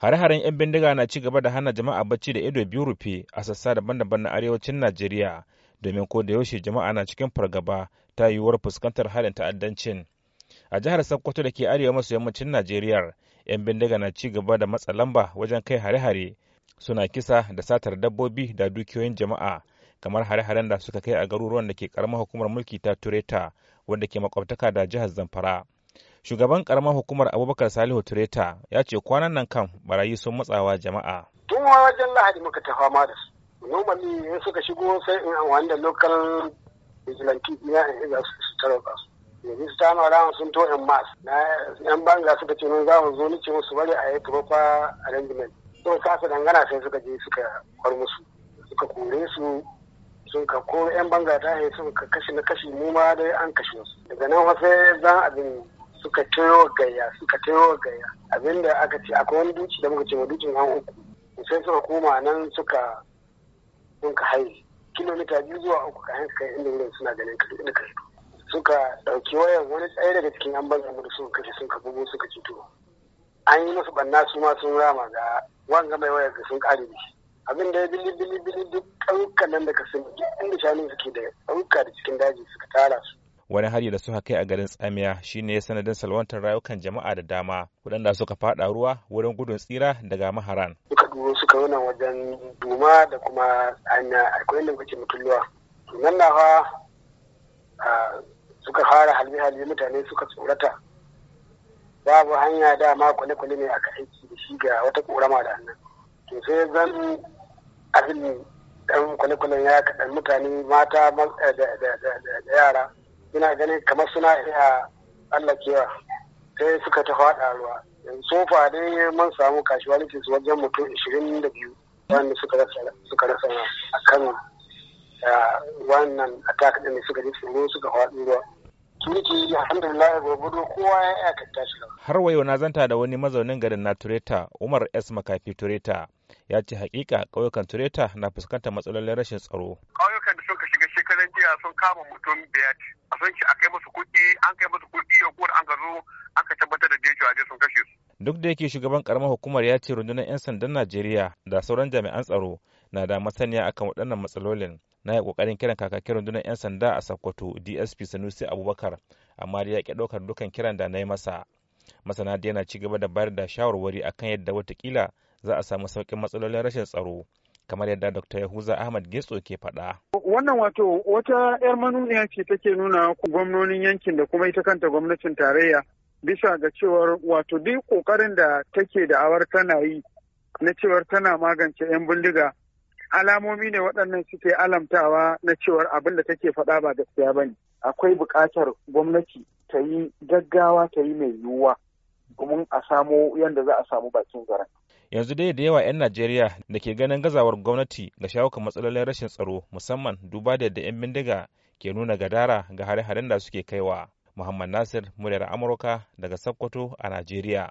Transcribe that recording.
Hare-haren 'yan bindiga na ci gaba da hana jama'a bacci da ido biyu rufe a sassa daban-daban na arewacin Najeriya domin ko da yaushe jama'a na cikin fargaba ta yiwuwar fuskantar halin ta'addancin. A jihar Sokoto da ke arewa maso yammacin Najeriya, 'yan bindiga na ci gaba da matsa lamba wajen kai hare-hare suna kisa da satar dabbobi da dukiyoyin jama'a kamar hare-haren da suka kai a garuruwan da ke karamar hukumar mulki ta Tureta wanda ke makwabtaka da jihar Zamfara. Shugaban karamar hukumar Abubakar Salihu Tureta ya ce kwanan nan kan barayi sun matsawa jama'a. Tun wajen Lahadi muka ta fama da su. nomali in suka shigo sai in an da lokal vigilante ya in iza su ba su. Yanzu su tano ran sun to in mas. Na yan banga suka ce mun za mu zo ni ce musu bari a yi turofa arrangement. Sun kasa dangana sai suka je suka kwar musu. Suka kore su sun ka ko yan banga ta sun ka kashi na kashi mu ma dai an kashe su. Daga nan wasu zan abin suka tayo gaya suka tayo gaya abinda aka ce akwai wani duci da muka ce wa dukin han uku sai suka koma nan suka sun ka haye kilomita biyu zuwa uku kayan ka kai inda wurin suna ganin ka inda kaɗu suka ɗauki wayar wani tsaye daga cikin an banza mu da suka kashe sun ka bugo suka fito an yi musu banna su ma sun rama ga wanga mai wayar ga sun ƙare shi abin da ya bili bili bili duk ƙauka nan da ka sani duk inda shanun suke da Ƙauka da cikin daji suka tara su wani hari da suka kai a garin tsamiya shine ya sanadin salwantar rayukan jama'a da dama waɗanda suka fada ruwa wurin gudun tsira daga maharan suka duro suka wuna wajen duma da kuma hanya akwai lokaci mutulluwa nan na fa suka fara halbe-halbe mutane suka tsorata babu hanya dama kwale-kwale ne aka aiki da shi ga wata korama da hannun to sai zan abin dan kwale-kwalen ya kaɗan mutane mata eh, da yara ina ganin kamar suna iya allakewa sai suka ta faɗa ruwa sofa ne mun samu su wajen mutum ishirin da biyu wanda suka rasa a kan wannan attack din da suka ji tsoro suka faɗi ruwa kirki alhamdulillah gwargwado kowa ya iya tattashi har wayo na zanta da wani mazaunin garin na tureta umar s makafi tureta ya ce hakika ƙauyukan tureta na fuskantar matsalolin rashin tsaro kama mutum biyar a sun ci a kai musu kuɗi an kai musu kuɗi ya kuwar an gazo aka tabbatar da cewa sun kashe su. Duk da yake shugaban karamar hukumar ya ce rundunar 'yan sandan Najeriya da sauran jami'an tsaro na da masaniya akan waɗannan matsalolin. Na yi ƙoƙarin kiran kakakin rundunar 'yan sanda a Sokoto DSP Sanusi Abubakar amma da ya ƙi ɗaukar dukkan kiran da na yi masa. Masana da yana ci gaba da bayar da shawarwari akan yadda watakila za a samu sauƙin matsalolin rashin tsaro kamar yadda Dr. Yahuza Ahmad Getso ke faɗa. wannan wato wata 'yar manuniya ce take nuna gwamnonin yankin da kuma ita kanta gwamnatin tarayya bisa ga cewar wato duk kokarin da take da awar tana yi na cewar tana magance 'yan bindiga alamomi ne waɗannan suke alamtawa na cewar abin da take faɗa ba gaskiya ba ne akwai buƙatar gwamnati ta yi gaggawa ta yi mai yiwuwa domin a samo yadda za a samu bakin zaren yanzu dai da yawa 'yan najeriya da ke ganin gazawar gwamnati ga shawo matsalolin rashin tsaro musamman duba da yadda 'yan bindiga ke nuna gadara ga hare-haren da suke kaiwa muhammad nasir muryar amurka daga sokoto a najeriya